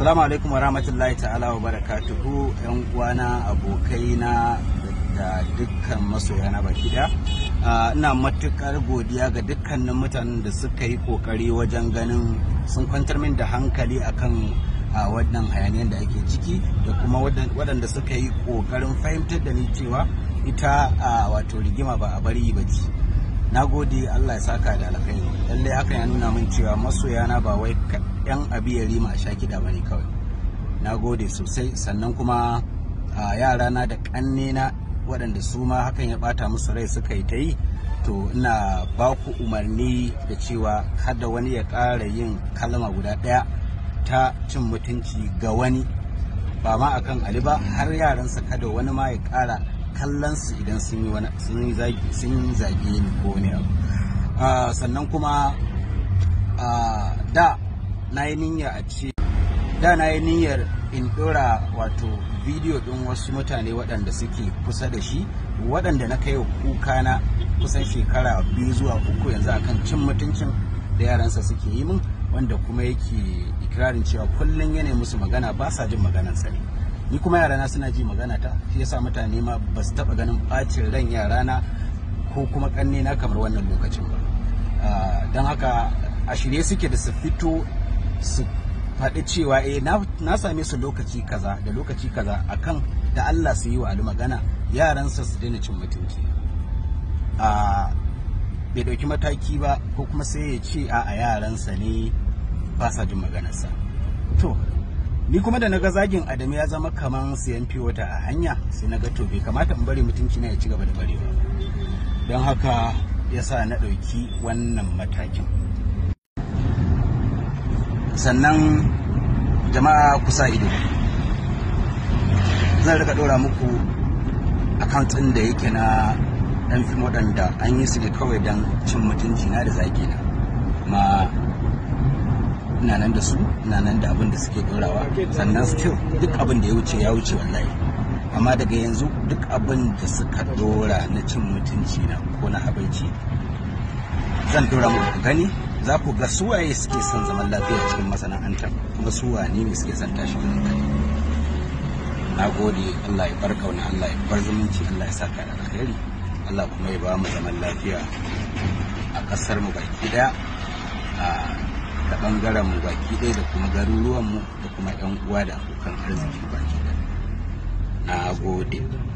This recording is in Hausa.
Assalamu alaikum wa rahmatullahi ta'ala wa barakatuhu yan uwana abokaina da dukkan masoyana baki da ah, ina matukar godiya ga dukkanin mutanen da suka yi kokari wajen ganin sun kwantar min da hankali akan a ah, wannan hayaniyar da ake ciki da kuma waɗanda suka yi kokarin fahimtar da ni cewa ita ah, wato rigima ba a bari ba ce na gode allah ya saka da alkhairi lallai hakan ya nuna min cewa masoya na ba wai yan abiyari ma sha kiɗa ba ne kawai na gode sosai sannan kuma a yarana da ƙannena waɗanda su ma hakan ya ɓata musu rai suka yi ta yi to ina ba ku umarni da cewa kada wani ya ƙara yin kalma guda ɗaya ta cin mutunci ga wani ba ma akan ali ba har yaransa kada wani ma ya ƙara kallon su idan sun yi wani sun zagi sun zage ni ko wani abu ah, sannan kuma ah, da na yi niyya a ce da na yi niyyar in ɗora wato bidiyo din wasu mutane waɗanda suke kusa da shi waɗanda na kai kuka na kusan shekara biyu zuwa uku yanzu akan cin mutuncin da yaransa suke yi min wanda kuma yake ikirarin cewa kullum yana musu magana ba sa jin maganar sani. ne ni kuma yarana suna ji magana ta shi yasa mutane ma ba su taɓa ganin bacin ran yarana ko kuma kanne na kamar wannan lokacin ba ah, don haka a shirye suke da su fito su faɗi cewa eh na same su lokaci kaza da lokaci kaza akan da Allah su yi wa Ali magana yaransa su daina cin mutunci a ah, bai ɗauki mataki ba ko kuma sai ya ce a yaransa ne ba sa jin maganarsa to ni kuma da naga zagin adamu ya zama kaman siyan wata a hanya sai naga to bai kamata in bari mutunci na ya ci gaba da barewa don haka yasa na ɗauki wannan matakin sannan jama'a kusa ido zan rika ɗora muku account ɗin da yake na ɗan fim waɗanda an yi su ne kawai don cin mutunci na da zagina na ma ina nan da su ina nan da abin da suke dorawa sannan still duk abin da ya wuce ya wuce wallahi amma daga yanzu duk abin da suka dora na cin mutunci na ko na abinci zan dora muku gani za ku ga suwaye suke son zaman lafiya cikin masana'antar kuma suwane ne suke son tashi kai na gode Allah ya bar kauna Allah ya bar zumunci Allah ya saka da alheri Allah kuma ya ba mu zaman lafiya a ƙasar mu baki daya ah, ta bangaren mu baki ɗaya da kuma garuruwan mu da kuma yan uwa da abokan arziki baki ɗaya na gode